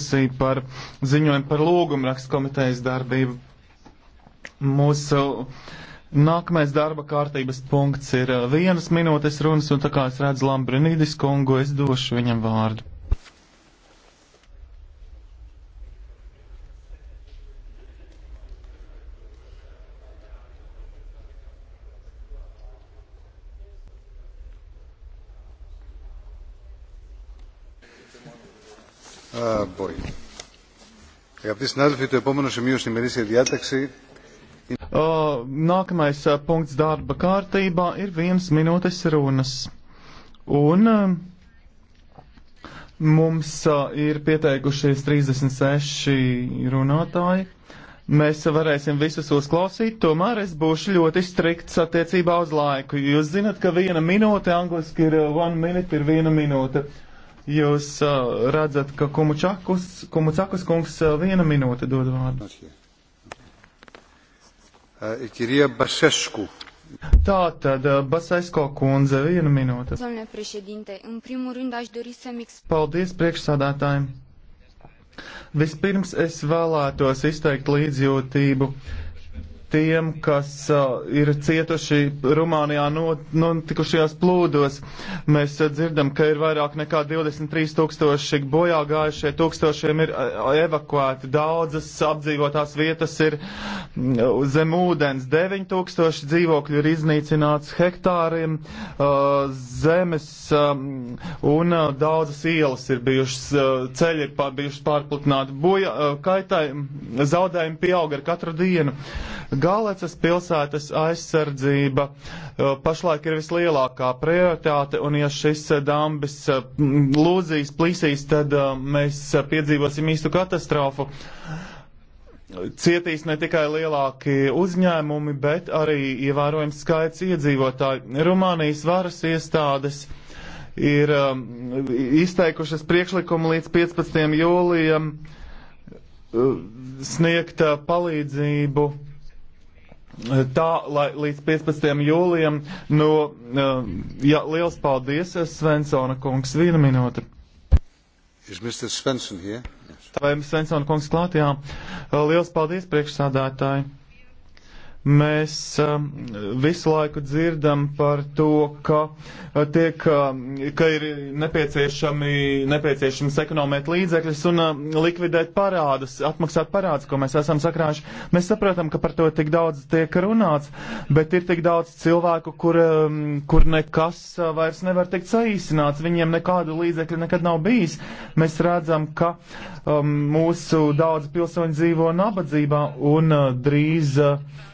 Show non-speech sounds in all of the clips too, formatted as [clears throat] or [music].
diskusiju par ziņojumu par lūgumrakstu komitejas darbību. Mūsu nākamais darba kārtības punkts ir vienas minūtes runas, un tā kā es redzu Lambrinīdis kungu, es došu viņam vārdu. Αγαπητοί συνάδελφοι, το επόμενο σημείο στην ημερήσια διάταξη O, nākamais punkts darba kārtībā ir viens minūtes runas. Un mums ir pieteikušies 36 runātāji. Mēs varēsim visus uzklausīt, tomēr es būšu ļoti strikts attiecībā uz laiku. Jūs zinat, ka viena minūte angliski ir eh, one minute, ir viena minūte. Uh, Jūs uh, redzat, ka Kumučakus, Kumučakus kungs uh, viena minūte dod vārdu. Uh, Kirija Bašesku. Tā tad, uh, Basesko kundze, viena minūte. Paldies priekšsādātājiem. Vispirms es vēlētos izteikt līdzjūtību uh, tiem, kas uh, ir cietuši Rumānijā notikušajās no, plūdos. Mēs uh, dzirdam, ka ir vairāk nekā 23 tūkstoši bojā gājušie, tūkstošiem ir uh, evakuēti, daudzas apdzīvotās vietas ir uh, zem ūdens, 9 tūkstoši dzīvokļu ir iznīcināts hektāriem uh, zemes um, un uh, daudzas ielas ir bijušas, uh, ceļi ir pār, bijušas pārplutināti, boja, uh, kaitai, zaudējumi pieauga ar katru dienu. Galecas pilsētas aizsardzība uh, pašlaik ir vislielākā prioritāte, un ja šis uh, dambis uh, lūzīs, plīsīs, tad mēs piedzīvosim īstu katastrofu. Cietīs ne tikai lielāki uzņēmumi, bet arī ievērojams skaits iedzīvotāji. Rumānijas varas iestādes ir um, izteikušas priekšlikumu līdz 15. jūlijam sniegt palīdzību tā, lai līdz 15. jūlijam, no, eh, jā, liels paldies, eh, Svensona kungs, viena minūte. Svensson yes. Vai Svensona kungs klāt, jā. Eh, liels paldies, priekšsādātāji. Mēs um, visu laiku dzirdam par to, ka, uh, tiek, um, ka ir nepieciešams ekonomēt līdzekļus un um, likvidēt parādus, atmaksāt parādus, ko mēs esam sakrājuši. Mēs saprotam, ka par to tik daudz tiek runāts, bet ir tik daudz cilvēku, kur, kur nekas uh, vairs nevar tikt saīsināts, viņiem nekādu līdzekļu nekad nav bijis. Mēs redzam, ka um, mūsu daudz pilsoņu dzīvo nabadzībā un uh, drīz. Uh,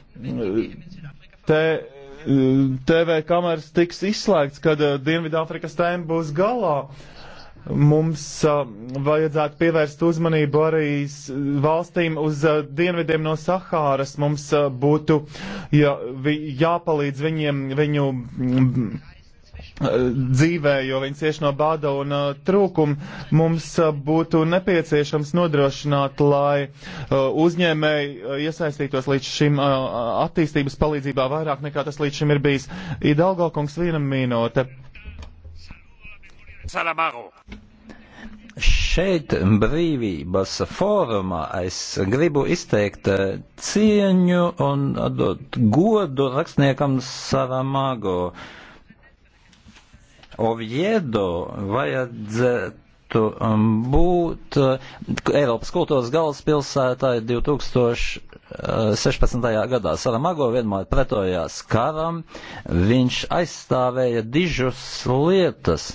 te, TV kameras tiks izslēgts, kad eh, Dienvidāfrikas tēma būs galā. Mums uh, vajadzētu pievērst uzmanību arī valstīm uz uh, dienvidiem no Sahāras. Mums uh, būtu jā, vi, jāpalīdz viņiem viņu. Mm, Eh, dzīvē, jo viņi cieši no bāda un uh, trūkuma. Mums uh, būtu nepieciešams nodrošināt, lai uh, uzņēmēji uh, iesaistītos līdz šim uh, attīstības palīdzībā vairāk nekā tas līdz šim ir bijis. Idalgo kungs, viena minūte. Saramago. Šeit brīvības fórumā es gribu izteikt cieņu un dot godu rakstniekam Saramago. Uh, Oviedo vajadzētu um, būt uh, Eiropas kultūras galvaspilsētāji 2016. gadā. Saramago vienmēr pretojās karam, viņš aizstāvēja dižus lietas,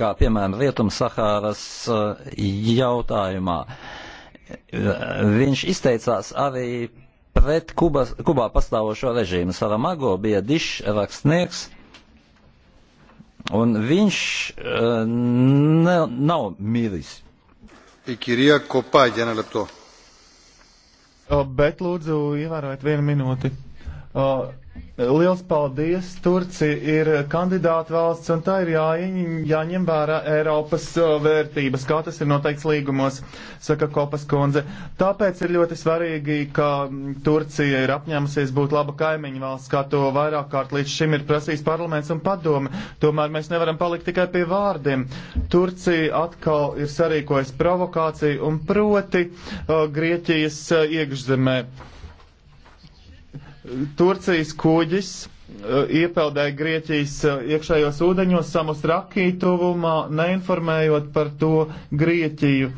kā piemēram Rietum-Sahāras uh, jautājumā. Viņš izteicās arī pret Kubas, Kubā pastāvošo režīmu. Saramago bija dišrakstnieks. rakstnieks Un viņš eh, ne, nav mīlis. Ikirija kopā ģena lepto. Bet lūdzu, ievērojiet vienu minūti. Uh, Liels paldies! Turcija ir kandidāta valsts, un tā ir jā, jāņem vērā Eiropas uh, vērtības, kā tas ir noteikts līgumos, saka Kopas kundze. Tāpēc ir ļoti svarīgi, ka Turcija ir apņēmusies būt laba kaimiņa valsts, kā to vairāk kārt līdz šim ir prasījis parlaments un padome. Tomēr mēs nevaram palikt tikai pie vārdiem. Turcija atkal ir sarīkojis provokāciju un proti uh, Grieķijas uh, iekšzemē. Turcijas kuģis e, iepeldēja Grieķijas e, iekšējos ūdeņos samus rakītuvumā, neinformējot par to Grieķiju.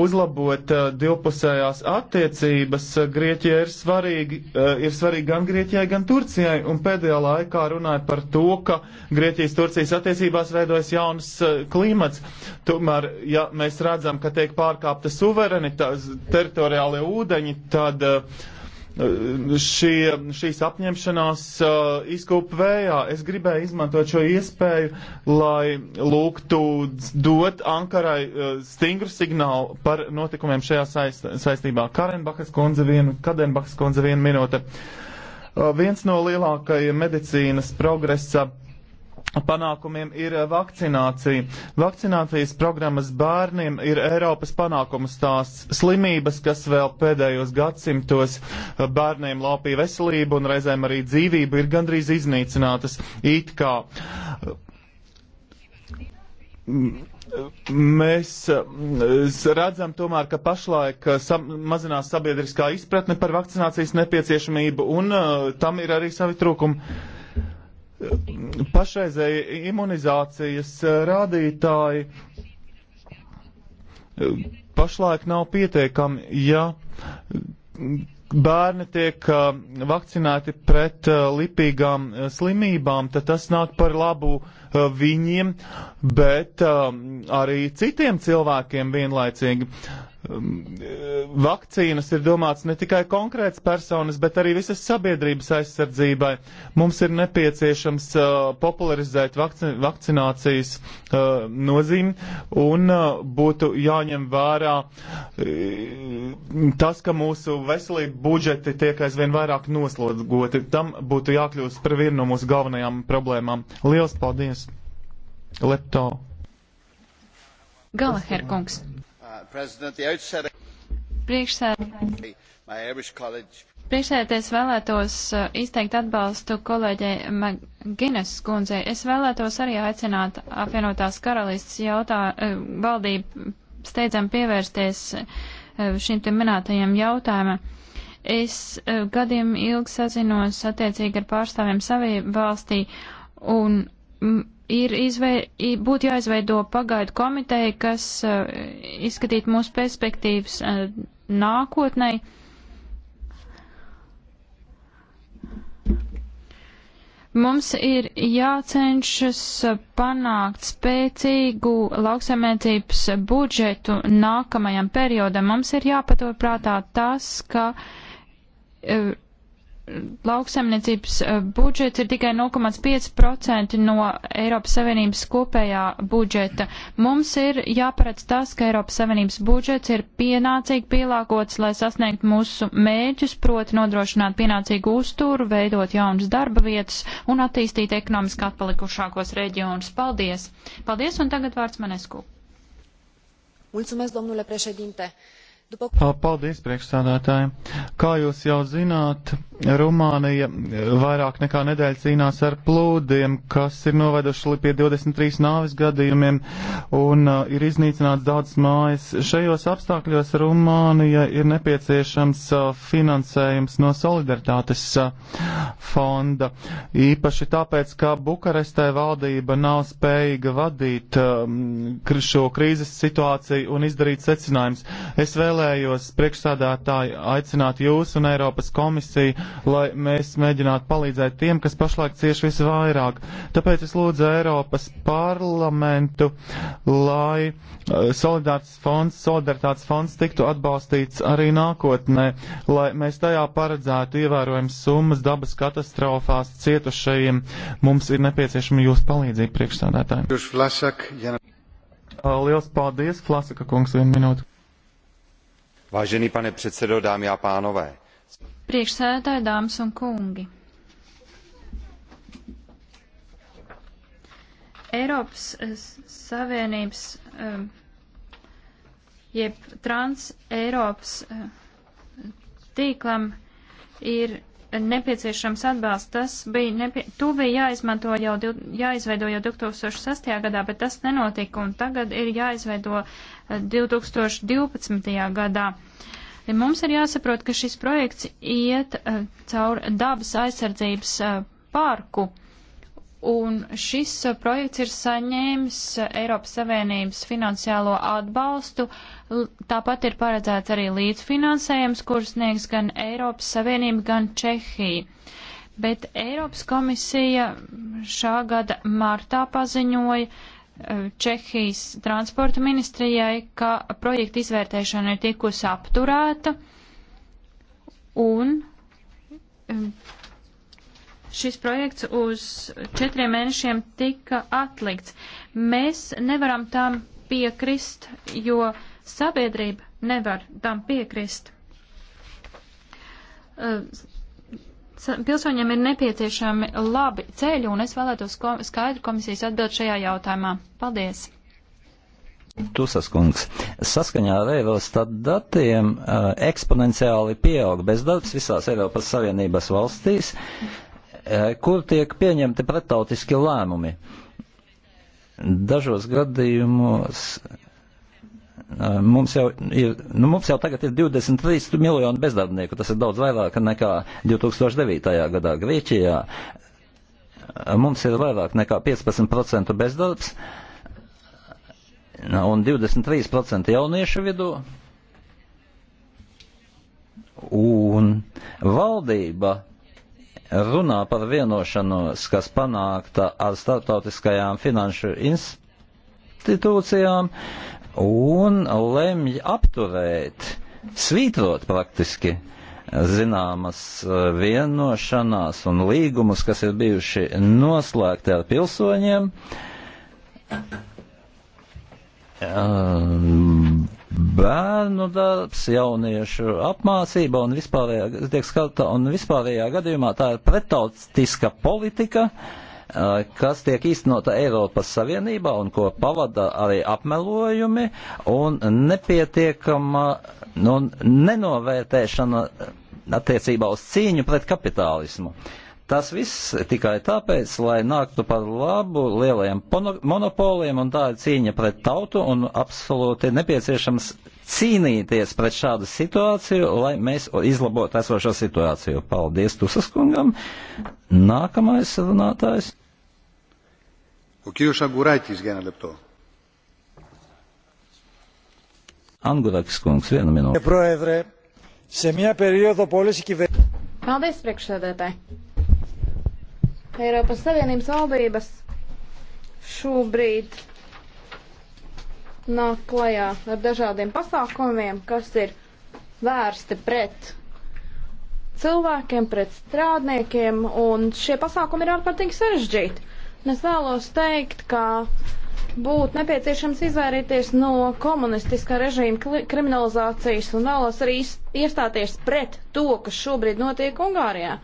Uzlabot uh, divpusējās attiecības uh, Grieķijai ir svarīgi, uh, ir svarīgi gan Grieķijai, gan Turcijai, un pēdējā laikā runāja par to, ka Grieķijas-Turcijas attiecībās veidojas jauns uh, klimats. Tomēr, ja mēs redzam, ka tiek pārkāpta suverenitāte, teritoriālie ūdeņi, tad uh, šie, šīs apņemšanās uh, izkūp vējā. Es gribēju izmantot šo iespēju, lai lūgtu dot Ankarai uh, stingru signālu par notikumiem šajā saist, saistībā. Karenbakas kundze vienu, Kadenbakas kundze vienu minūte. Uh, viens no lielākajiem medicīnas progresa uh, panākumiem ir eh, vakcinācija. Vakcinācijas programmas bērniem ir Eiropas panākumu stāsts slimības, kas vēl pēdējos gadsimtos eh, bērniem laupīja veselību un reizēm arī dzīvību, ir gandrīz iznīcinātas it kā. Eh, mēs redzam tomēr, ka pašlaik sam mazinās sabiedriskā izpratne par vakcinācijas nepieciešamību, un uh, tam ir arī savi trūkumi pašreizēji imunizācijas eh, rādītāji eh, pašlaik nav pietiekami, ja mm, bērni tiek eh, vakcinēti pret lipīgām slimībām, tad tas nāk par labu viņiem, bet arī citiem cilvēkiem vienlaicīgi. Um, vakcīnas ir domāts ne tikai konkrēts personas, bet arī visas sabiedrības aizsardzībai. Mums ir nepieciešams uh, popularizēt vakci vakcinācijas uh, nozīmi un uh, būtu jāņem vērā uh, tas, ka mūsu veselību budžeti tiek aizvien vairāk noslogoti. Tam būtu jākļūst par vienu no mūsu galvenajām problēmām. Lielas paldies! Lepto! Galaherkungs! Priekšsēdētāji. Priekšsēdētājs vēlētos uh, izteikt atbalstu kolēģei Maginas skundzei. Es vēlētos arī aicināt apvienotās karalists jautā, uh, valdību steidzam pievērsties uh, šim te minētajam jautājumam. Es gadiem ilgi sazinos attiecīgi ar pārstāvjiem savī valstī un ir izvei, būtu jāizveido pagaidu komiteja, kas uh, eh, izskatītu mūsu perspektīvas uh, eh, nākotnei. Mums ir jācenšas panākt spēcīgu lauksaimniecības budžetu nākamajam periodam. Mums ir jāpatur prātā tas, ka uh, lauksaimniecības eh, budžets ir tikai 0,5% no Eiropas Savienības kopējā budžeta. Mums ir jāparedz tas, ka Eiropas Savienības budžets ir pienācīgi pielāgots, lai sasniegtu mūsu mēģus, proti nodrošināt pienācīgu uzturu, veidot jaunas darba vietas un attīstīt ekonomiski atpalikušākos reģionus. Paldies! Paldies un tagad vārds Manesku. Mulțumesc, domnule președinte. După... Paldies, priekšstādātāji. Kā jūs jau zināt, Rumānija vairāk nekā nedēļa cīnās ar plūdiem, kas ir noveduši pie 23 nāvis gadījumiem un uh, ir iznīcināts daudz mājas. Šajos apstākļos Rumānija ir nepieciešams uh, finansējums no solidaritātes uh, fonda. Īpaši tāpēc, ka Bukarestē valdība nav spējīga vadīt uh, šo krīzes situāciju un izdarīt secinājumus. Es vēlējos priekšsādātāji aicināt jūs un Eiropas komisiju lai mēs mēģinātu palīdzēt tiem, kas pašlaik cieši visvairāk. Tāpēc es lūdzu Eiropas parlamentu, lai eh, solidaritātes fonds, solidaritātes fonds tiktu atbalstīts arī nākotnē, lai mēs tajā paredzētu ievērojams summas dabas katastrofās cietušajiem. Mums ir nepieciešama jūsu palīdzība priekšstādātājiem. Eh, liels paldies, Flasaka kungs, vienu minūtu. Vážený pane předsedo, dámy a pánové, Priekšsēdētāji, dāmas un kungi. Eiropas eh, Savienības eh, jeb trans Eiropas eh, tīklam ir nepieciešams atbalsts. Tas bija, nepie... tu bija jāizmanto jau, jāizveido jau 2006. gadā, bet tas nenotika, un tagad ir jāizveido 2012. gadā. Mums ir jāsaprot, ka šis projekts iet uh, caur dabas aizsardzības uh, parku, un šis uh, projekts ir saņēmis Eiropas Savienības finansiālo atbalstu. Tāpat ir paredzēts arī līdzfinansējums, kurus sniegs gan Eiropas Savienība, gan Čehija. Bet Eiropas komisija šā gada martā paziņoja, Eh, Čehijas transporta ministrijai, ka projekta izvērtēšana ir tikusi apturēta un eh, šis projekts uz četriem mēnešiem tika atlikts. Mēs nevaram tam piekrist, jo sabiedrība nevar tam piekrist. Eh, pilsoņiem ir nepieciešami labi ceļi, un es vēlētos ko, skaidru komisijas atbild šajā jautājumā. Paldies! Tusas kungs, saskaņā ar Eirostat datiem uh, eksponenciāli pieaug bezdarbs visās Eiropas Savienības valstīs, uh, kur tiek pieņemti pretautiski lēmumi. Dažos gadījumos uh, Mums jau, ir, nu, mums jau tagad ir 23 miljoni bezdarbnieku, tas ir daudz vairāk nekā 2009. gadā Grieķijā. Mums ir vairāk nekā 15% bezdarbs un 23% jauniešu vidū. Un valdība runā par vienošanos, kas panākta ar starptautiskajām finanšu institūcijām, un lemj apturēt, svītrot praktiski zināmas eh, vienošanās un līgumus, kas ir bijuši noslēgti ar pilsoņiem. Eh, bērnu darbs, jauniešu apmācība un vispārējā, tiek skarta, un vispārējā gadījumā tā ir pretautiska politika, uh, Eh, kas tiek īstenota Eiropas Savienībā un ko pavada arī apmelojumi un nepietiekama nu, nenovērtēšana attiecībā uz cīņu pret kapitālismu. Tas viss tikai tāpēc, lai nāktu par labu lielajiem monopoliem, un tā ir cīņa pret tautu un absolūti nepieciešams cīnīties pret šādu situāciju, lai mēs izlabotu esošo situāciju. Paldies Tusas kungam. Nākamais runātājs. Angurakis kungs, viena minūte. Paldies, priekšsēdētāji. Eiropas Savienības valdības šobrīd nāk klajā ar dažādiem pasākumiem, kas ir vērsti pret cilvēkiem, pret strādniekiem, un šie pasākumi ir ārkārtīgi sarežģīti. Es vēlos teikt, ka būtu nepieciešams izvairīties no komunistiskā režīma kriminalizācijas un vēlos arī iestāties pret to, kas šobrīd notiek Ungārijā.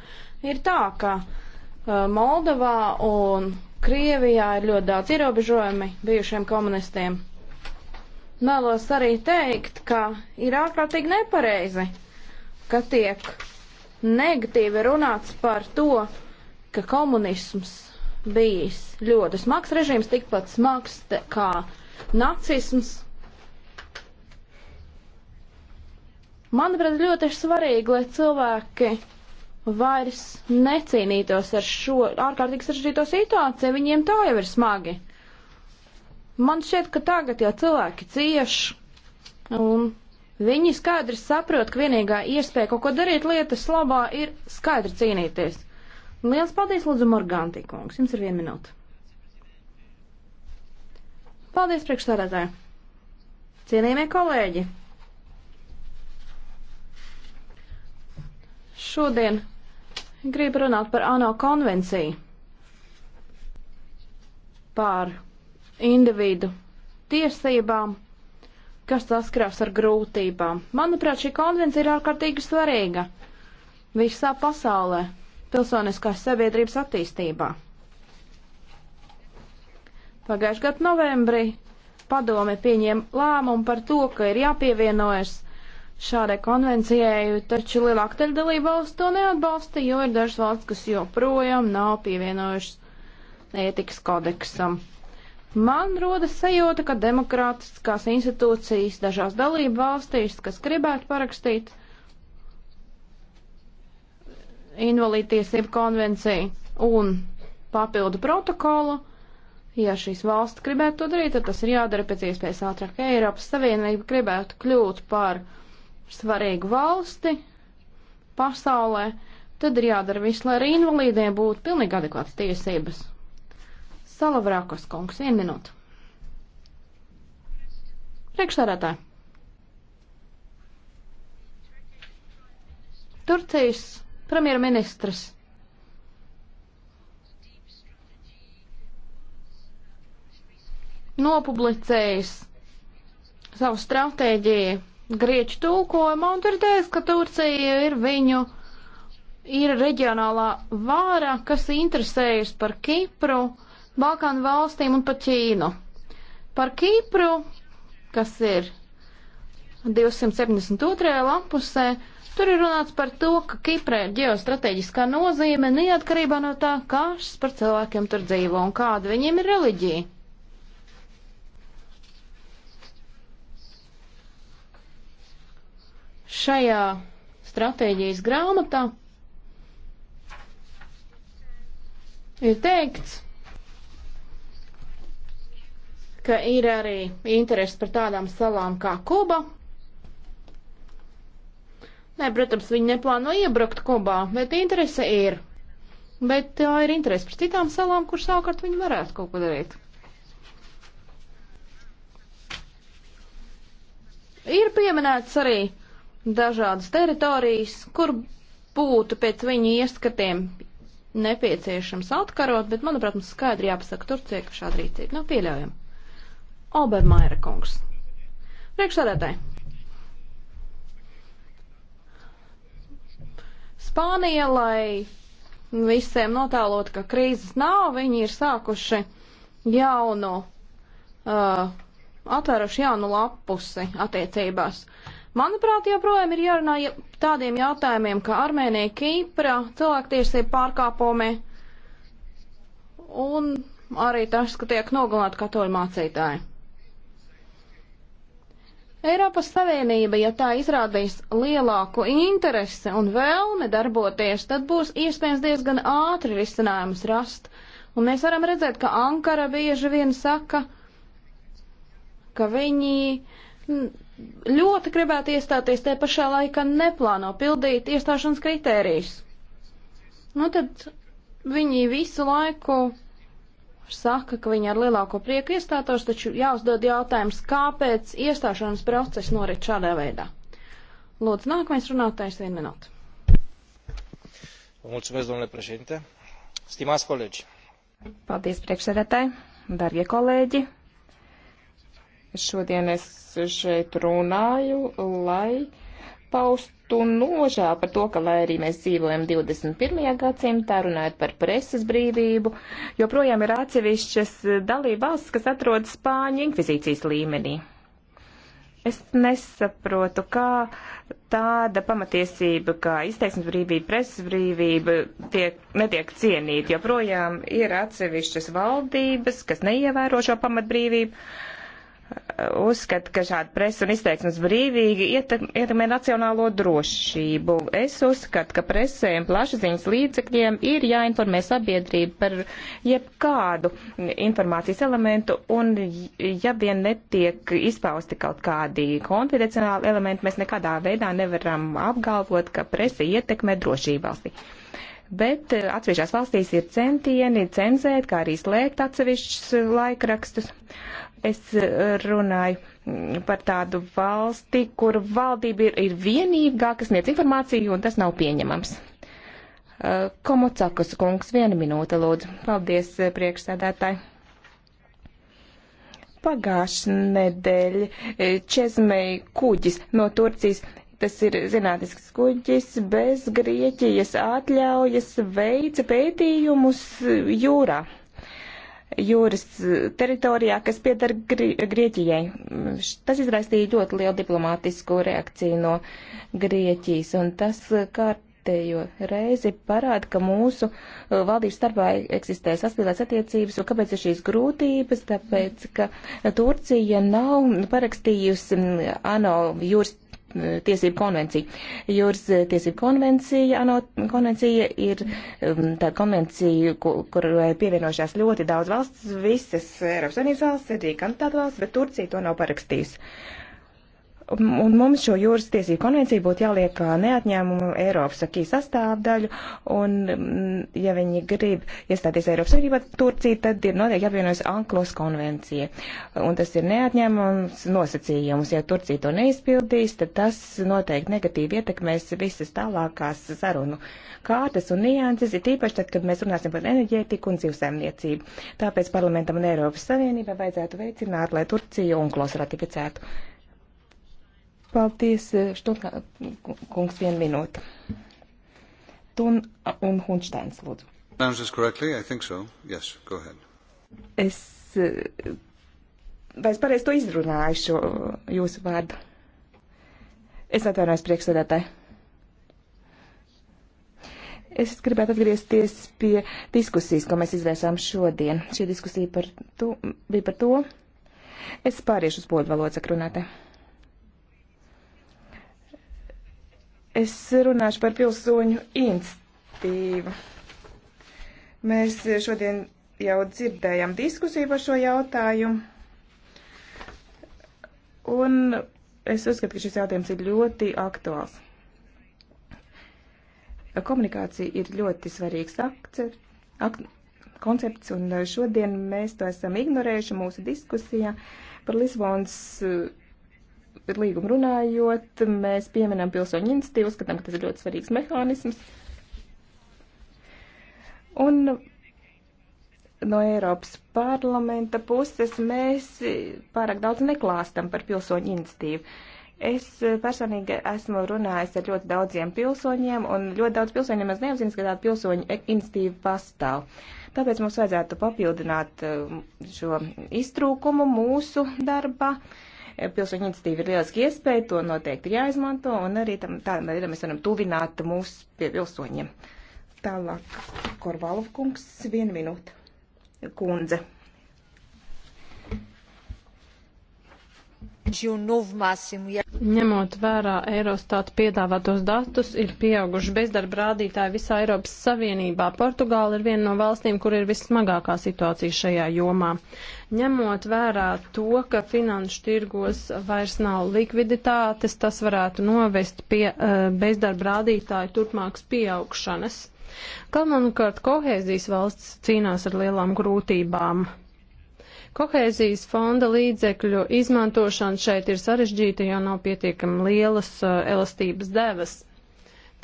Ir tā, ka uh, Moldovā un Krievijā ir ļoti daudz ierobežojumi bijušiem komunistiem vēlos arī teikt, ka ir ārkārtīgi nepareizi, ka tiek negatīvi runāts par to, ka komunisms bijis ļoti smags režīms, tikpat smags kā nacisms. Manuprāt, ļoti ir svarīgi, lai cilvēki vairs necīnītos ar šo ārkārtīgi sarežģīto situāciju, viņiem tā jau ir smagi. Man šķiet, ka tagad jau cilvēki cieš, un viņi skaidri saprot, ka vienīgā iespēja kaut ko darīt lietas labā ir skaidri cīnīties. Liels paldies, Lūdzu, Morganti, kungs. Jums ir viena minūte. Paldies, priekšsēdētāji. Cienījamie kolēģi. Šodien gribu runāt par ANO konvenciju. Par individu tiesībām, kas saskarās ar grūtībām. Manuprāt, šī konvencija ir ārkārtīgi svarīga visā pasaulē, pilsoniskās sabiedrības attīstībā. Pagājušajā gadā novembrī padome pieņēma lēmumu par to, ka ir jāpievienojas šādai konvencijai, taču lielāka daļa dalība valsts to neatbalsta, jo ir dažas valsts, kas joprojām nav pievienojušas ētikas kodeksam. Man rodas sajūta, ka demokrātiskās institūcijas dažās dalību valstīs, kas gribētu parakstīt invalīdtiesību konvenciju un papildu protokolu, ja šīs valsts gribētu to darīt, tad tas ir jādara pēc iespējas ātrāk. Eiropas Savienība gribētu kļūt par svarīgu valsti pasaulē, tad ir jādara viss, lai arī invalīdiem būtu pilnīgi adekvātas tiesības. Salavrākos kungs, vienu minūtu. Priekšsēdētāji. Turcijas premjerministrs nopublicējis savu stratēģiju grieķu tulkojumā un tur teica, ka Turcija ir viņu, ir reģionālā vāra, kas interesējas par Kipru Balkānu valstīm un pa Ķīnu. Par Kīpru, kas ir 272. lapusē, tur ir runāts par to, ka Kīprai ir ģeostrateģiskā nozīme neatkarībā no tā, kas par cilvēkiem tur dzīvo un kāda viņiem ir reliģija. šajā stratēģijas grāmatā ir teikts, ka ir arī interesi par tādām salām kā Kuba. Nē, protams, viņi neplāno iebraukt Kubā, bet interese ir. Bet tā ir interese par citām salām, kur savukārt viņi varētu kaut ko darīt. Ir pieminēts arī dažādas teritorijas, kur būtu pēc viņu ieskatiem nepieciešams atkarot, bet, manuprāt, mums skaidri jāpasaka Turcija, ka šāda rīcība nav pieļaujama. Obermaira kungs. Priekšsēdētāji. Spānija, lai visiem notālot, ka krīzes nav, viņi ir sākuši jaunu, uh, atvēruši jaunu lapusi attiecībās. Manuprāt, joprojām ir jārunā tādiem jautājumiem, kā Armēnija, Kīpra, cilvēktiesība pārkāpumi un arī tas, ka tiek nogalināti katoļu mācītāji. Eiropas Savienība, ja tā izrādīs lielāku interesi un vēlme darboties, tad būs iespējams diezgan ātri risinājums rast. Un mēs varam redzēt, ka Ankara bieži vien saka, ka viņi ļoti gribētu iestāties, te pašā laikā neplāno pildīt iestāšanas kritērijus. Nu tad viņi visu laiku saka, ka viņi ar lielāko prieku iestātos, taču jāuzdod jautājums, kāpēc iestāšanās process norit šādā veidā. Lūdzu, nākamais runātājs vienu minūtu. Mulțumesc, domnule președinte. Stimați colegi. Paldies, priekšsēdētāji, darbie kolēģi. Šodien es šeit runāju, lai paustu nožēlu par to, ka, lai arī mēs dzīvojam 21. gadsimtā, runājot par preses brīvību, joprojām ir atsevišķas dalība valsts, kas atrodas Spāņu inkvizīcijas līmenī. Es nesaprotu, kā tāda pamatiesība, kā izteiksmes brīvība, preses brīvība tiek, netiek cienīta, jo projām ir atsevišķas valdības, kas neievēro šo pamatbrīvību uzskata, ka šāda presa un izteiksmes brīvīgi ietekmē nacionālo drošību. Es uzskatu, ka presēm plašsaziņas līdzekļiem ir jāinformē sabiedrība par jebkādu informācijas elementu, un ja vien netiek izpausti kaut kādi konfidencionāli elementi, mēs nekādā veidā nevaram apgalvot, ka presa ietekmē drošību valstī bet eh, atsevišķās valstīs ir centieni cenzēt, kā arī slēgt atsevišķus laikrakstus. Es eh, runāju mm, par tādu valsti, kur valdība ir, ir vienīgā, kas sniedz informāciju, un tas nav pieņemams. Eh, Komocakas kungs, viena minūte, lūdzu. Paldies, eh, priekšsēdētāji. Pagājušā nedēļa Čezmei kuģis no Turcijas tas ir zinātnisks kuģis, bez Grieķijas atļaujas veica pētījumus jūrā jūras teritorijā, kas pieder Grieķijai. Tas izraisīja ļoti lielu diplomātisku reakciju no Grieķijas, un tas kārtējo reizi parāda, ka mūsu uh, valdības starpā eksistē saspīlēts attiecības, un kāpēc ir šīs grūtības? Tāpēc, ka Turcija nav parakstījusi mm, ANO jūras tiesību konvenciju. Jūras eh, tiesību konvencija, ANO konvencija ir um, tāda konvencija, kurai kur pievienojušās ļoti daudz valsts, visas Eiropas Savienības valsts, arī kandidātu valsts, bet Turcija to nav parakstījusi. Un mums šo jūras tiesību konvenciju būtu jāliek kā neatņēmumu Eiropas akī sastāvdaļu, un mm, ja viņi grib iestāties Eiropas Savienībā Turcija, tad ir noteikti jāpievienojas Anklos konvencija. Un tas ir neatņēmums nosacījums. Ja Turcija to neizpildīs, tad tas noteikti negatīvi ietekmēs visas tālākās sarunu kārtas un nianses, ir tīpaši tad, kad mēs runāsim par enerģētiku un dzīvsēmniecību. Tāpēc parlamentam un Eiropas Savienībai vajadzētu veicināt, lai Turcija Anklos ratificētu. Paldies, eh, Štukā, kungs, vienu minūti. Tun un Hunšteins, lūdzu. So. Yes, es, eh, vai es pareizi to izrunāju šo jūsu vārdu? Es atvainojos priekšsēdētāji. Es gribētu atgriezties pie diskusijas, ko mēs izvērsām šodien. Šī diskusija par to, bija par to. Es pāriešu uz poļu valodu sakrunātē. Es runāšu par pilsoņu institīvu. Mēs šodien jau dzirdējām diskusiju par šo jautājumu. Un es uzskatu, ka šis jautājums ir ļoti aktuāls. Komunikācija ir ļoti svarīgs akcent, ak, koncepts, un šodien mēs to esam ignorējuši mūsu diskusijā par Lisbonas uh, par līgumu runājot, mēs pieminam pilsoņu iniciatīvu, uzskatām, ka tas ir ļoti svarīgs mehānisms. Un no Eiropas parlamenta puses mēs pārāk daudz neklāstam par pilsoņu iniciatīvu. Es personīgi esmu runājis ar ļoti daudziem pilsoņiem, un ļoti daudz pilsoņiem es neapzinos, ka tāda pilsoņu iniciatīva pastāv. Tāpēc mums vajadzētu papildināt um, šo iztrūkumu mūsu darbā. Uh, Pilsoņu iniciatīva ir lieliski iespēja, to noteikti ir jāizmanto, un arī tam, tādā veidā mēs varam tuvināt mūs pie pilsoņiem. Tālāk, Korvalov kungs, viena minūte. Kundze. De um novo nu máximo e Ņemot vērā Eurostat piedāvātos datus, ir pieauguši bezdarba rādītāji visā Eiropas Savienībā. Portugāla ir viena no valstīm, kur ir vissmagākā situācija šajā jomā. Ņemot vērā to, ka finanšu tirgos vairs nav likviditātes, tas varētu novest pie uh, bezdarba rādītāju turpmākas pieaugšanas. Kalmanukārt kohēzijas valsts cīnās ar lielām grūtībām. Kohēzijas fonda līdzekļu izmantošana šeit ir sarežģīta, jo nav pietiekami lielas uh, elastības devas.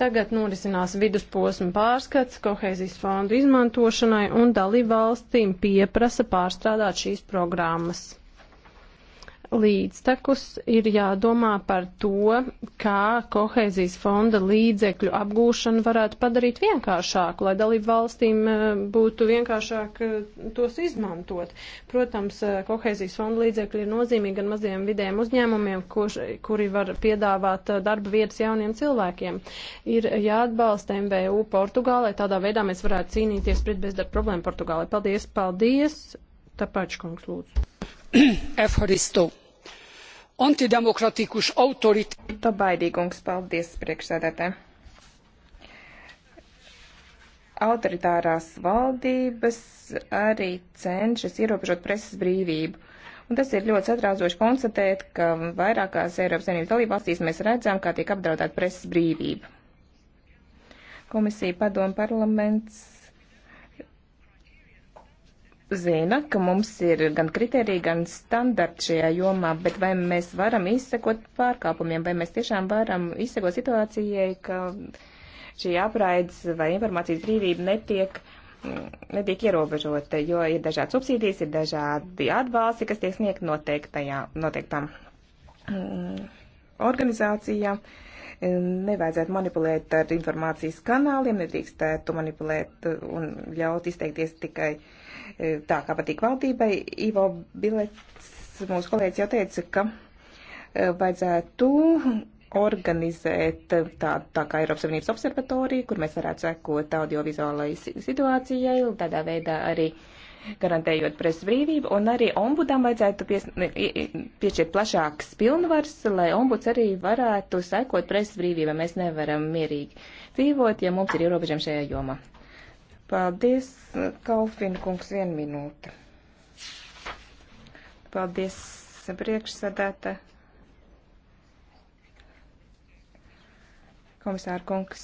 Tagad norisinās vidusposma pārskats kohēzijas fondu izmantošanai un dalībvalstīm pieprasa pārstrādāt šīs programmas līdztekus ir jādomā par to, kā kohēzijas fonda līdzekļu apgūšanu varētu padarīt vienkāršāku, lai dalību valstīm eh, būtu vienkāršāk eh, tos izmantot. Protams, eh, kohēzijas fonda līdzekļi ir nozīmīgi gan maziem vidējiem uzņēmumiem, kur, kuri var piedāvāt darba vietas jauniem cilvēkiem. Ir jāatbalsta MVU Portugālē, tādā veidā mēs varētu cīnīties pret bezdarba problēmu Portugālē. Paldies, paldies! Tapačkungs, lūdzu. Efharisto antidemokratikus autorit. To baidīgums, paldies priekšsēdētē. Autoritārās valdības arī cenšas ierobežot preses brīvību. Un tas ir ļoti satraucoši konstatēt, ka vairākās Eiropas Savienības dalībvalstīs mēs redzam, kā tiek apdraudēta preses brīvība. Komisija, padomu parlaments zina, ka mums ir gan kriterija, gan standarti šajā jomā, bet vai mēs varam izsekot pārkāpumiem, vai mēs tiešām varam izsekot situācijai, ka šī apraides vai informācijas brīvība netiek, netiek ierobežota, jo ir dažādi subsīdijas, ir dažādi atbalsti, kas tiek sniegt noteiktajā, noteiktām mm, organizācijām. Nevajadzētu manipulēt ar informācijas kanāliem, nedrīkstētu manipulēt un ļaut izteikties tikai uh, E, tā kā patīk valdībai. Ivo Bilets, mūsu kolēģis, jau teica, ka e, vajadzētu organizēt e, tādu tā kā Eiropas Savienības observatoriju, kur mēs varētu sekot audiovizuālajai situācijai, tādā veidā arī garantējot presas brīvību, un arī ombudam vajadzētu pies, piešķirt plašāks pilnvars, lai ombuds arī varētu sekot presas brīvībai. Mēs nevaram mierīgi dzīvot, ja mums ir ierobežam šajā jomā. Paldies, Kalfin kungs, viena minūte. Paldies, priekšsēdētā. Komisāra kungs,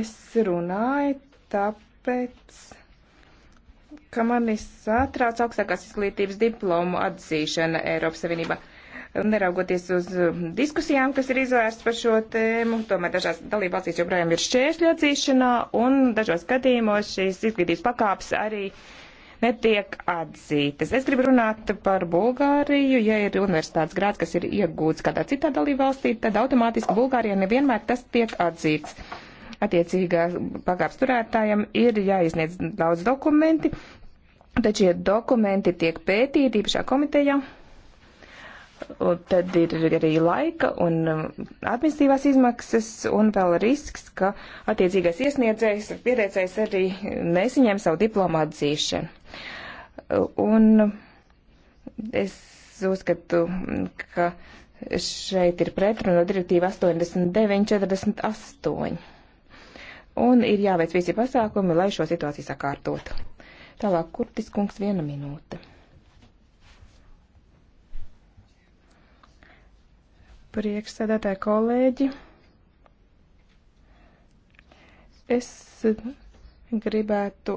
es runāju tāpēc, ka manis atrauc augstākās izglītības diplomu atzīšana Eiropas Savienībā. Uh, neraugoties uz um, diskusijām, kas ir izvērsts par šo tēmu, tomēr dažās dalībvalstīs joprojām ir šķēršļa atzīšanā, un dažos skatījumos šīs izglītības pakāpes arī netiek atzītas. Es gribu runāt par Bulgāriju. Ja ir universitātes grāds, kas ir iegūts kādā citā dalībvalstī, tad automātiski Bulgārijā nevienmēr tas tiek atzīts. Attiecīgā pakāpes turētājam ir jāizniedz daudz dokumenti, taču šie dokumenti tiek pētīti īpašā komitejā. Ja Tad ir arī laika un um, administratīvās izmaksas, un vēl risks, ka attiecīgais iesniedzējs, pieteicējs arī nesaņem savu diplomu atzīšanu. Un es uzskatu, mm, ka šeit ir pretruna no direktīva 8948. Un ir jāveic visi pasākumi, lai šo situāciju sakārtotu. Tālāk, Kurtis kungs, viena minūte. Priekšsēdētāji kolēģi, es gribētu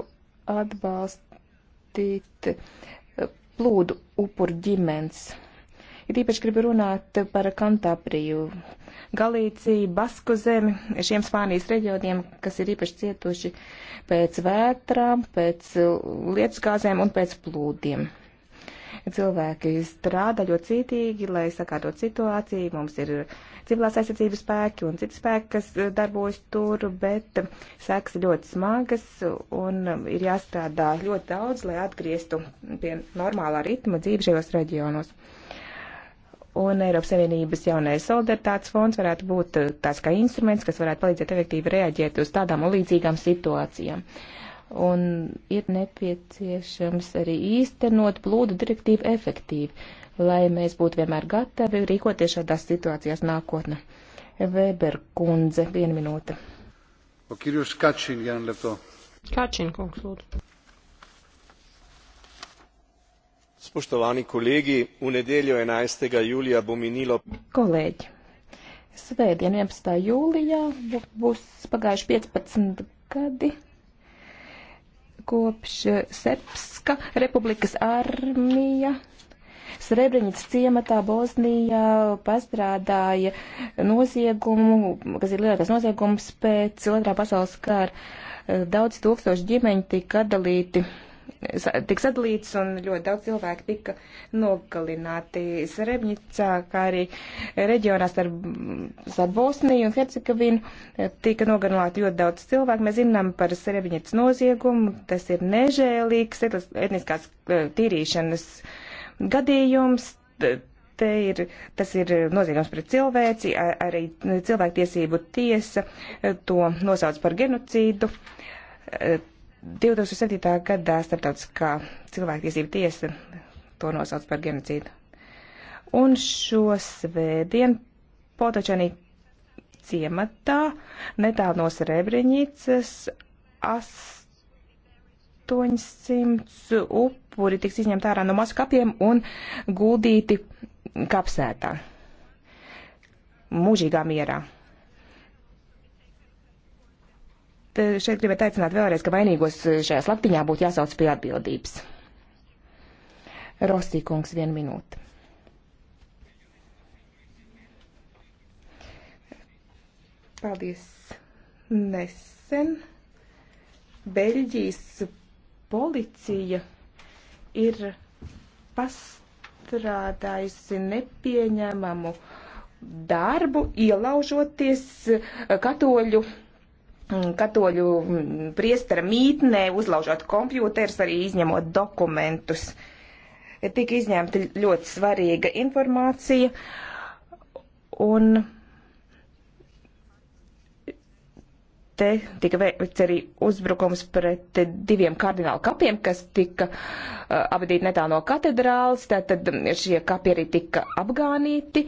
atbalstīt eh, plūdu upuru ģimenes. Ir īpaši gribu runāt par Kantāpriju, Galīciju, Basku zemi, šiem Spānijas reģioniem, kas ir īpaši cietuši pēc vētrām, pēc lietas gāzēm un pēc plūdiem. Cilvēki strādā ļoti cītīgi, lai sakārtot situāciju. Mums ir civilās aizsardzības spēki un citi spēki, kas eh, darbojas tur, bet sekas ļoti smagas un ir jāstrādā ļoti daudz, lai atgrieztu pie normālā ritma dzīvi šajos reģionos un Eiropas Savienības jaunais solidaritātes fonds varētu būt eh, tāds kā instruments, kas varētu palīdzēt efektīvi reaģēt uz tādām un līdzīgām situācijām. Uh, un ir nepieciešams arī īstenot plūdu direktīvu efektīvi, lai mēs būtu vienmēr gatavi rīkoties šādās situācijās nākotnē. Weber kundze, viena minūte. O kirjus Kačin, Jan Leto. Kačin, kungs, lūdzu. Spoštovani kolegi, v nedeljo 11. julija bo minilo. Kolēģi, svētdien 11. jūlijā būs pagājuši 15 gadi Kopš eh, Sepska Republikas armija Srebrenicas ciematā Bosnijā pastrādāja noziegumu, kas ir lielākais noziegums pēc otrā pasaules kara. Eh, daudz tūkstoši ģimeņi tika dalīti tik sadalīts un ļoti daudz cilvēku tika nogalināti Srebnicā, kā arī reģionā starp Bosniju un Hercegovinu eh, tika nogalināti ļoti daudz cilvēku. Mēs zinām par Srebnicas noziegumu, tas ir nežēlīgs etniskās eh, tīrīšanas gadījums. Te ir, tas ir noziegums pret cilvēci, arī cilvēktiesību tiesa eh, to nosauc par genocīdu 2007. gadā starptautiskā cilvēktiesība tiesa to nosauc par genocīdu. Un šo svētdien Potočanī ciematā netālu no Srebrenicas 800 upuri tiks izņemt ārā no masu kapiem un guldīti kapsētā. Mūžīgā mierā. Eh, šeit gribētu aicināt vēlreiz, ka vainīgos eh, šajā slaktiņā būtu jāsauc pie atbildības. Rosīkungs, vienu minūti. Paldies. Nesen Beļģijas policija ir pastrādājusi nepieņemamu darbu, ielaužoties eh, katoļu Mm, katoļu mm, priestera mītnē, uzlaužot kompjūters, arī izņemot dokumentus. Tika izņemta ļoti svarīga informācija un te tika veikts arī uzbrukums pret diviem kardinālu kapiem, kas tika uh, apbedīti netālu no katedrāles. Tātad um, šie kapi arī tika apgānīti,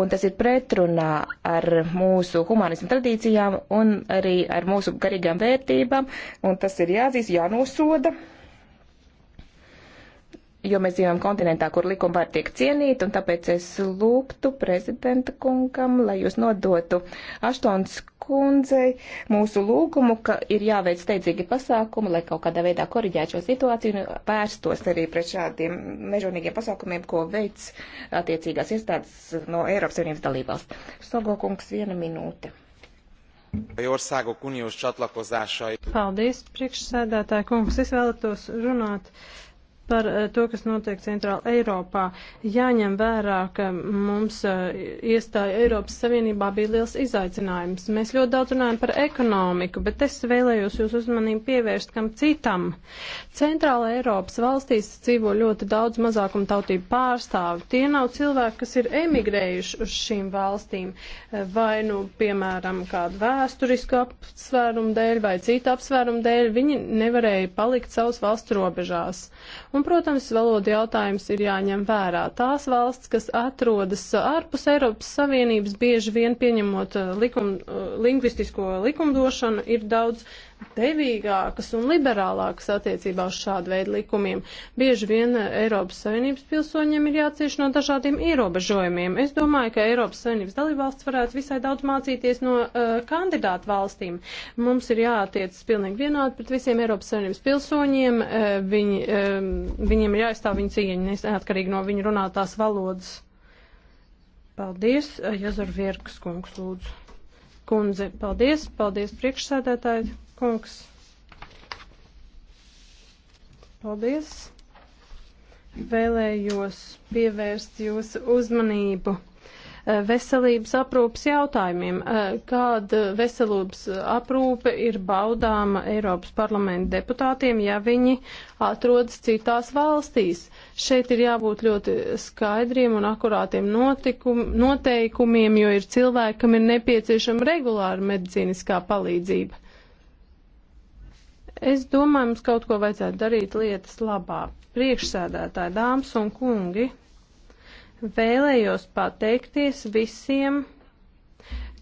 un tas ir pretrunā ar mūsu humanismu tradīcijām un arī ar mūsu garīgām vērtībām, un tas ir jāzīst, jānosoda jo mēs dzīvojam kontinentā, kur likuma var tiek cienīt, un tāpēc es lūgtu prezidenta kungam, lai jūs nodotu Aštons kundzei mūsu lūgumu, ka ir jāveic steidzīgi pasākumi, lai kaut kādā veidā koriģētu šo situāciju un vērstos arī pret šādiem mežonīgiem pasākumiem, ko veic attiecīgās iestādes no Eiropas Savienības dalībvalsts. Sogokungs, viena minūte. Paldies, priekšsēdētāji kungs, es vēlētos runāt par eh, to, kas notiek Centrāla Eiropā. Jāņem vērā, ka mums eh, iestāja Eiropas Savienībā bija liels izaicinājums. Mēs ļoti daudz runājam par ekonomiku, bet es vēlējos jūs uzmanību pievērst kam citam. Centrāla Eiropas valstīs dzīvo ļoti daudz mazākumu tautību pārstāvi. Tie nav cilvēki, kas ir emigrējuši uz šīm valstīm, eh, vai nu, piemēram, kādu vēsturisku apsvērumu dēļ vai citu apsvērumu dēļ. Viņi nevarēja palikt savas valsts robežās. Un Un, protams, valoda jautājums ir jāņem vērā. Tās valsts, kas atrodas ārpus Eiropas Savienības, bieži vien pieņemot uh, likum, uh, lingvistisko likumdošanu, ir daudz devīgākas un liberālākas attiecībā uz šādu veidu likumiem. Bieži vien eh, Eiropas Savienības pilsoņiem ir jācieš no dažādiem ierobežojumiem. Es domāju, ka Eiropas Savienības dalībvalsts varētu visai daudz mācīties no uh, kandidātu valstīm. Mums ir jātiecas pilnīgi vienādi pret visiem Eiropas Savienības pilsoņiem. Uh, viņi, uh, viņiem ir jāizstāv viņu cieņa, neatkarīgi no viņu runātās valodas. Paldies, Jazar Vierkas kungs, lūdzu. Kundze, paldies, paldies priekšsēdētāji kungs. Paldies! Vēlējos pievērst jūsu uzmanību eh, veselības aprūpas jautājumiem. Eh, kāda veselības aprūpe ir baudāma Eiropas parlamenta deputātiem, ja viņi atrodas citās valstīs? Šeit ir jābūt ļoti skaidriem un akurātiem notikum, noteikumiem, jo ir cilvēkam ir nepieciešama regulāra medicīniskā palīdzība. Es domāju, mums kaut ko vajadzētu darīt lietas labā. Priekšsēdētāji, dāmas un kungi, vēlējos pateikties visiem,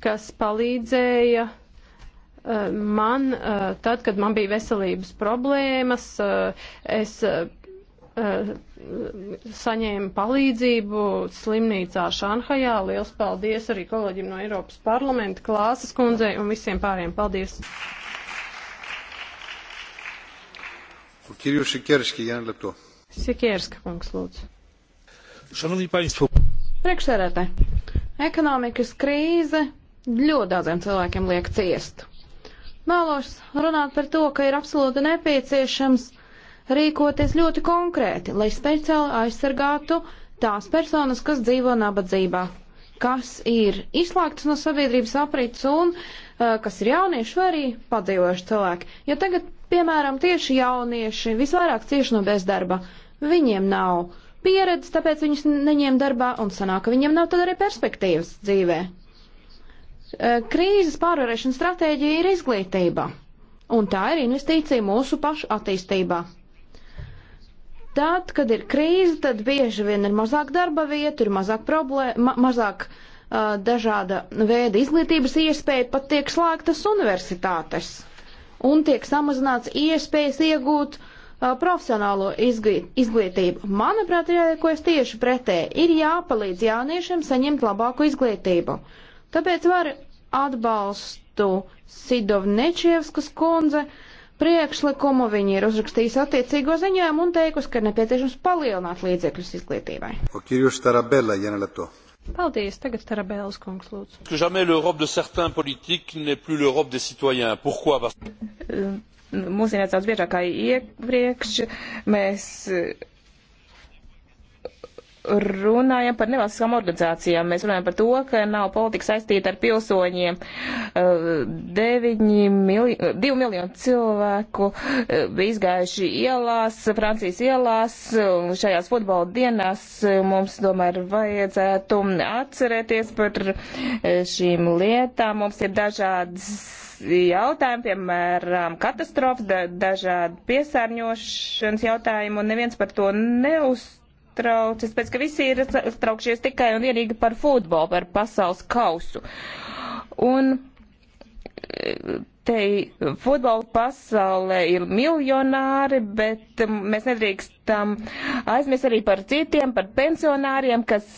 kas palīdzēja eh, man, eh, tad, kad man bija veselības problēmas, eh, es saņēma palīdzību slimnīcā Šanhajā. Liels paldies arī kolēģim no Eiropas parlamenta, Klāsas kundzei un visiem pāriem. Paldies! Sikierska kungs, lūdzu. Šanonī paņstvu. Priekšsēdētāji, ekonomikas krīze ļoti daudziem cilvēkiem liek ciest. Vēlos runāt par to, ka ir absolūti nepieciešams rīkoties ļoti konkrēti, lai speciāli aizsargātu tās personas, kas dzīvo nabadzībā, kas ir izslēgtas no sabiedrības aprīts un uh, kas ir jaunieši vai arī padzīvojuši cilvēki. Jo tagad Piemēram, tieši jaunieši visvairāk cieši no bezdarba. Viņiem nav pieredzes, tāpēc viņus neņem darbā un sanāk, ka viņiem nav tad arī perspektīvas dzīvē. E, krīzes pārvarēšanas stratēģija ir izglītība, un tā ir investīcija mūsu pašu attīstībā. Tad, kad ir krīze, tad bieži vien ir mazāk darba vietu, ir mazāk problēma, ma mazāk uh, dažāda veida izglītības iespēja, pat tiek slēgtas universitātes. Uh, un tiek samazināts iespējas iegūt uh, profesionālo izglītību. Manuprāt, ir jārīkojas tieši pretē. Ir jāpalīdz jauniešiem saņemt labāku izglītību. Tāpēc var atbalstu Sidovnečievskas kundze priekšlikumu, viņi ir uzrakstījusi attiecīgo ziņojumu un teikusi, ka ir nepieciešams palielināt līdzekļus izglītībai. O, Paldies, tagad Tarabēlas kungs lūdzu. Que jamais l'Europe de certains politiques n'est plus l'Europe des citoyens. Pourquoi? Parce... Mūsdienās daudz biežāk kā iepriekš mēs runājam par nevalstiskām organizācijām. Mēs runājam par to, ka nav politika saistīta ar pilsoņiem. 9 mili, 2 miljonu cilvēku bija eh, izgājuši ielās, Francijas ielās. Šajās futbola dienās eh, mums tomēr vajadzētu atcerēties par eh, šīm lietām. Mums ir dažādas jautājumi, piemēram, katastrofas, dažādi piesārņošanas jautājumi, un neviens par to neuzstāv satrauc, tāpēc, ka visi ir satraukšies tikai un vienīgi par futbolu, par pasaules kausu. Un te futbola pasaulē ir miljonāri, bet mēs nedrīkstam aizmirst arī par citiem, par pensionāriem, kas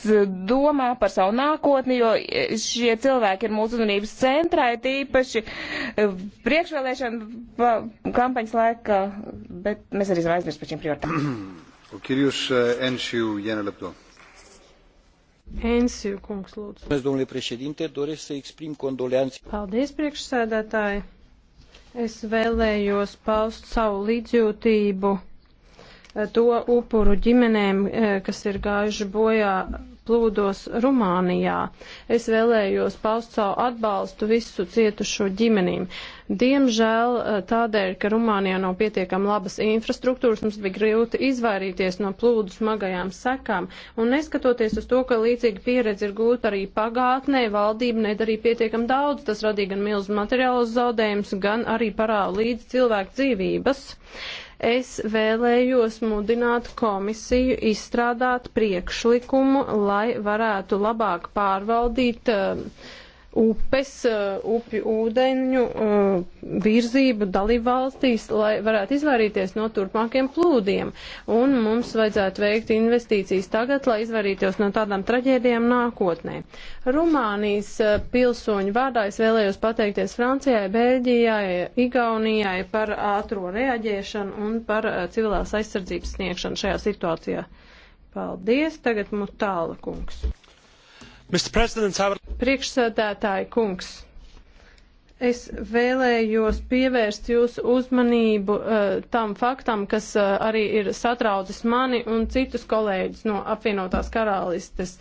domā par savu nākotni, jo šie cilvēki ir mūsu uzmanības centrā, ir tīpaši eh, priekšvēlēšana kampaņas laikā, bet mēs arī aizmirst par šiem prioritāriem. [clears throat] Ο κύριος Ένσιου για ένα λεπτό. Ένσιου, kungs, lūdzu. Mēs, domnule președinte, doresc să exprim condoleanțe. Paldies, priekšsēdētāji. Es vēlējos paust savu līdzjūtību eh, to upuru ģimenēm, eh, kas ir gājuši bojā plūdos Rumānijā. Es vēlējos paust savu atbalstu visu cietušo ģimenīm. Diemžēl eh, tādēļ, ka Rumānijā nav pietiekami labas infrastruktūras, mums bija grūti izvairīties no plūdu smagajām sekām. Un neskatoties uz to, ka līdzīga pieredze ir gūta arī pagātnē, valdība nedarīja pietiekami daudz. Tas radīja gan milzu materiālus zaudējumus, gan arī parāda līdz cilvēku dzīvības. Uh, Es vēlējos mudināt komisiju izstrādāt priekšlikumu, lai varētu labāk pārvaldīt uh, upes, uh, upju ūdeņu uh, virzību dalībvalstīs, lai varētu izvairīties no turpmākiem plūdiem. Un mums vajadzētu veikt investīcijas tagad, lai izvairītos no tādām traģēdijām nākotnē. Rumānijas uh, pilsoņu vārdā es vēlējos pateikties Francijai, Beļģijai, Igaunijai par ātro reaģēšanu un par civilās aizsardzības sniegšanu šajā situācijā. Paldies, tagad mums tālāk, kungs. Priekšsēdētāji kungs, es vēlējos pievērst jūsu uzmanību uh, tam faktam, kas uh, arī ir satraucis mani un citus kolēģus no apvienotās karalistes. Uh,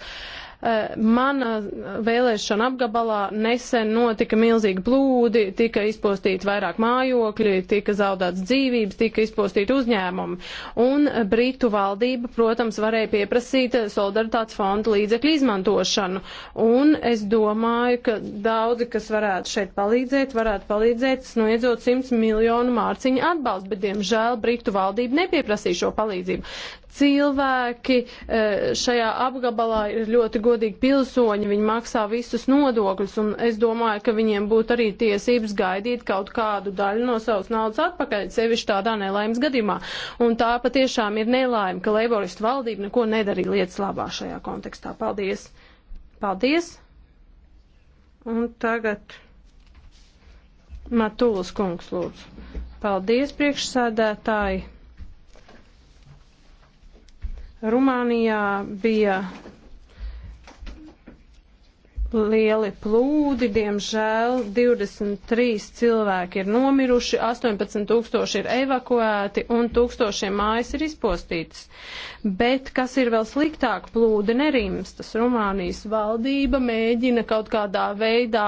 Eh, mana eh, vēlēšana apgabalā nesen notika milzīgi plūdi, tika izpostīti vairāk mājokļi, tika zaudēts dzīvības, tika izpostīti uzņēmumi. Un eh, Britu valdība, protams, varēja pieprasīt solidaritātes fonda līdzekļu izmantošanu. Un es domāju, ka daudzi, kas varētu šeit palīdzēt, varētu palīdzēt sniedzot 100 miljonu mārciņu atbalstu, bet, diemžēl, Britu valdība nepieprasīja šo palīdzību cilvēki e, šajā apgabalā ir ļoti godīgi pilsoņi, viņi maksā visus nodokļus, un es domāju, ka viņiem būtu arī tiesības gaidīt kaut kādu daļu no savas naudas atpakaļ, sevišķi tādā nelaimes gadījumā. Un tā patiešām ir nelaime, ka leiboristu valdība neko nedarīja lietas labā šajā kontekstā. Paldies! Paldies! Un tagad Matulas kungs lūdzu. Paldies, priekšsēdētāji! Rumānijā bija lieli plūdi, diemžēl 23 cilvēki ir nomiruši, 18 tūkstoši ir evakuēti un tūkstošiem mājas ir izpostītas. Bet, kas ir vēl sliktāk, plūdi nerimstas. Rumānijas valdība mēģina kaut kādā veidā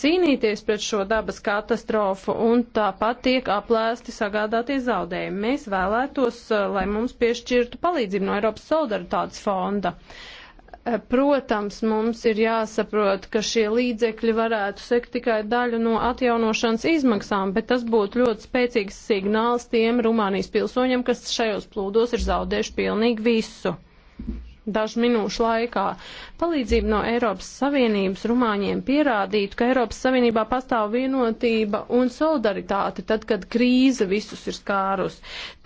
cīnīties pret šo dabas katastrofu un tāpat tiek aplēsti sagādātie zaudējumi. Mēs vēlētos, eh, lai mums piešķirtu palīdzību no Eiropas solidaritātes fonda. Eh, protams, mums ir jāsaprot, ka šie līdzekļi varētu sekt tikai daļu no atjaunošanas izmaksām, bet tas būtu ļoti spēcīgs signāls tiem Rumānijas pilsoņiem, kas šajos plūdos ir zaudējuši pilnīgi visu dažu minūšu laikā. Palīdzība no Eiropas Savienības Rumāņiem pierādītu, ka Eiropas Savienībā pastāv vienotība un solidaritāte tad, kad krīze visus ir skārus.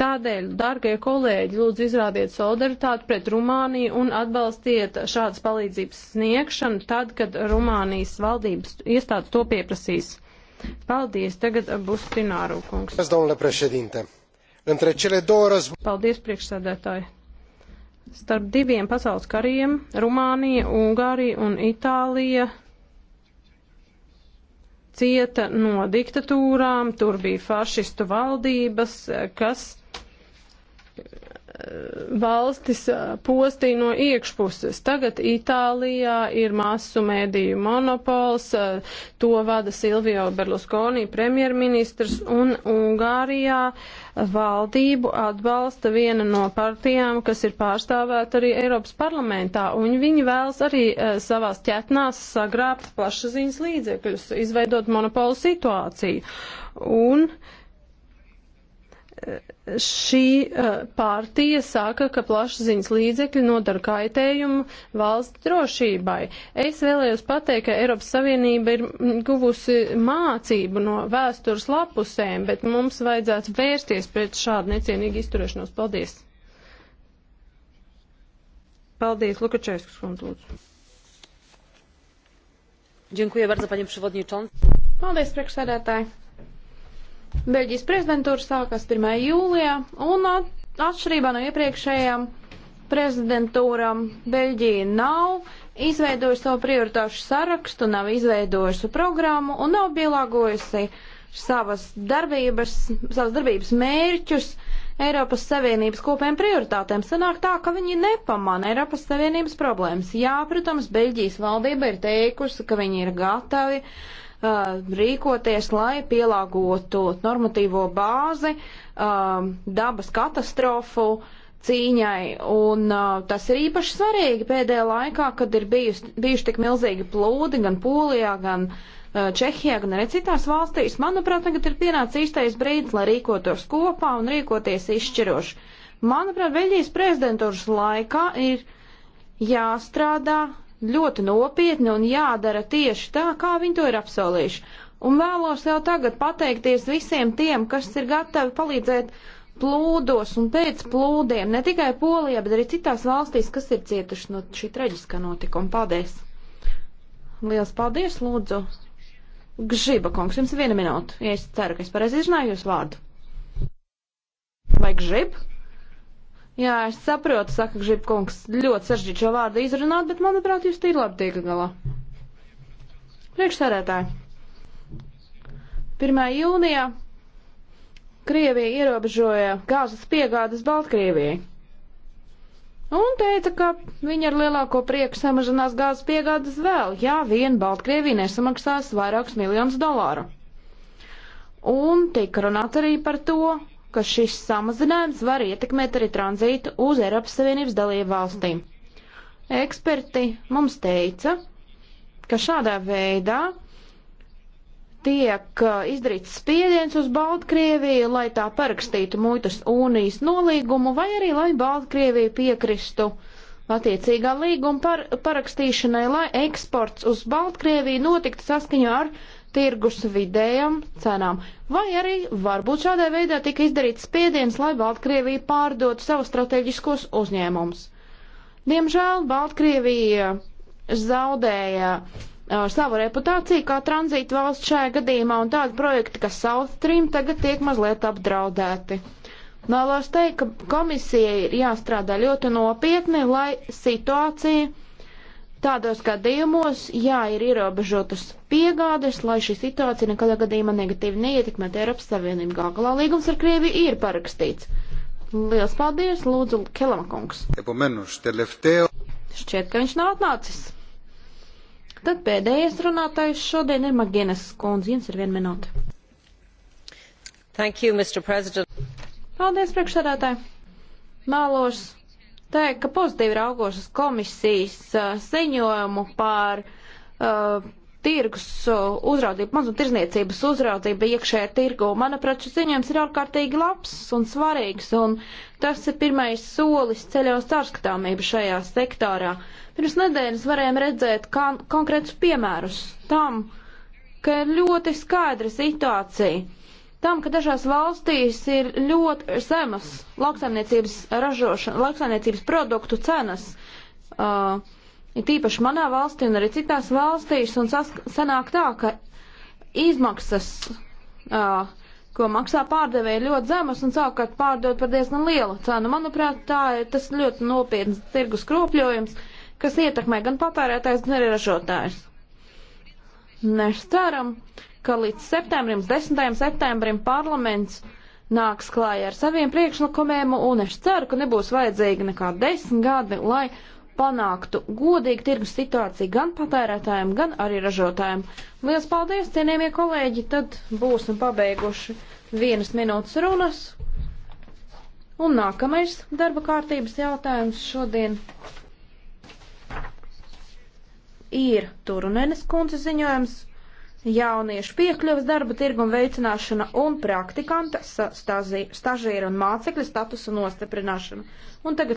Tādēļ, dārgie kolēģi, lūdzu izrādiet solidaritāti pret Rumāniju un atbalstiet šādas palīdzības sniegšanu tad, kad Rumānijas valdības iestādes to pieprasīs. Paldies, tagad būs Tināru kungs. Paldies, priekšsēdētāji. Starp diviem pasaules kariem - Rumānija, Ungārija un Itālija cieta no diktatūrām, tur bija fašistu valdības, kas valstis postīja no iekšpuses. Tagad Itālijā ir masu mēdīju monopols, to vada Silvio Berlusconi, premjerministrs, un Ungārijā valdību atbalsta viena no partijām, kas ir pārstāvēta arī Eiropas parlamentā, un viņi vēlas arī savās ķetnās sagrābt plašsaziņas līdzekļus, izveidot monopolu situāciju. Un, uh, šī eh, pārtīja saka, ka plašsaziņas līdzekļi nodara kaitējumu valsts drošībai. Es vēlējos pateikt, ka Eiropas Savienība ir mm, guvusi mācību no vēstures lapusēm, bet mums vajadzētu vērsties pret šādu necienīgu izturēšanos. Paldies! Paldies, Lukačevskas kundze, lūdzu. Dziękuję bardzo, panie przewodniczący. Paldies, priekšsēdētāji. Beļģijas prezidentūra sākās 1. jūlijā, un atšķirībā no iepriekšējām prezidentūram Beļģija nav izveidojusi savu prioritāšu sarakstu, nav izveidojusi programmu un nav pielāgojusi savas darbības, savas darbības mērķus Eiropas Savienības kopējiem prioritātēm. Sanāk tā, ka viņi nepamana Eiropas Savienības problēmas. Jā, protams, Beļģijas valdība ir teikusi, ka viņi ir gatavi Uh, rīkoties, lai pielāgotu normatīvo bāzi um, dabas katastrofu cīņai, un uh, tas ir īpaši svarīgi pēdējā laikā, kad ir bijusi, bijuši tik milzīgi plūdi gan Polijā, gan uh, Čehijā, gan arī citās valstīs. Manuprāt, tagad ir pienācis īstais brīdis, lai rīkotos kopā un rīkoties izšķiroši. Manuprāt, Beļģijas prezidentūras laikā ir jāstrādā ļoti nopietni un jādara tieši tā, kā viņi to ir apsolījuši. Un vēlos jau tagad pateikties visiem tiem, kas ir gatavi palīdzēt plūdos un pēc plūdiem, ne tikai Polijā, bet arī citās valstīs, kas ir cietuši no šī traģiskā notikuma. Paldies! Lielas paldies, lūdzu! Gžiba kungs, jums viena minūte. Ja es ceru, ka es pareizi izrunāju jūsu vārdu. Vai gžib? Jā, es saprotu, saka Žibkungs, ļoti saržģīt šo vārdu izrunāt, bet manuprāt, jūs tīri labi tiek galā. Priekšsarētāji. 1. jūnijā Krievija ierobežoja gāzes piegādes Baltkrievijai. Un teica, ka viņi ar lielāko prieku samazinās gāzes piegādes vēl, ja vien Baltkrievija nesamaksās vairākus miljonus dolāru. Un tika runāts arī par to, ka šis samazinājums var ietekmēt arī tranzītu uz Eiropas Savienības dalību valstīm. Eksperti mums teica, ka šādā veidā tiek uh, izdarīts spiediens uz Baltkrieviju, lai tā parakstītu muitas unijas nolīgumu, vai arī lai Baltkrievija piekristu attiecīgā līguma par, parakstīšanai, lai eksports uz Baltkrieviju notiktu saskaņā ar tirgus vidējam cenām, vai arī varbūt šādai veidā tika izdarīts spiediens, lai Baltkrievija pārdotu savus strateģiskos uzņēmumus. Diemžēl Baltkrievija zaudēja uh, savu reputāciju kā tranzīta valsts šajā gadījumā, un tādi projekti, kas South Stream tagad tiek mazliet apdraudēti. Vēlos teikt, ka komisijai ir jāstrādā ļoti nopietni, lai situācija Tādos gadījumos, jā, ir ierobežotas piegādes, lai šī situācija nekādā gadījumā negatīvi neietekmētu Eiropas Savienību. Galā līgums ar Krieviju ir parakstīts. Lielas paldies, lūdzu, Kelamakungs. Šķiet, ka viņš nav atnācis. Tad pēdējais runātājs šodien ir Magienes skundze. Jums ir viena minūte. Thank you, Mr. President. Paldies, priekšsēdētāji. Mēlos teikt, ka pozitīvi raugošas komisijas uh, ziņojumu par uh, tirgus uh, uzraudzību, mazumtirdzniecības uzraudzību iekšējā tirgu. Manuprāt, šis ziņojums ir ārkārtīgi labs un svarīgs, un tas ir pirmais solis ceļā uz cārskatāmību šajā sektorā. Pirms nedēļas varējām redzēt konkrētus piemērus tam, ka ir ļoti skaidra situācija tam, ka dažās valstīs ir ļoti zemas lauksaimniecības ražošana, lauksaimniecības produktu cenas. Uh, ir tīpaši manā valstī un arī citās valstīs, un sanāk tā, ka izmaksas, uh, ko maksā pārdevēja, ir ļoti zemas un savukārt pārdod par diezgan lielu cenu. Manuprāt, tā ir tas ļoti nopietns tirgus kropļojums, kas ietekmē gan patērētājs, gan arī ražotājs. Mēs ceram, ka līdz septembrim, 10. septembrim parlaments nāks klāja ar saviem priekšlikumiem, un es ceru, ka nebūs vajadzīgi nekā desmit gadi, lai panāktu godīgu tirgus situāciju gan patērētājiem, gan arī ražotājiem. Lielas paldies, cienījamie kolēģi, tad būsim pabeiguši vienas minūtes runas. Un nākamais darba kārtības jautājums šodien ir Turunenes kundze ziņojums jauniešu piekļuvas darba tirgu un veicināšana un praktikanta stažieru un mācekļu statusu nostiprināšana. Un tagad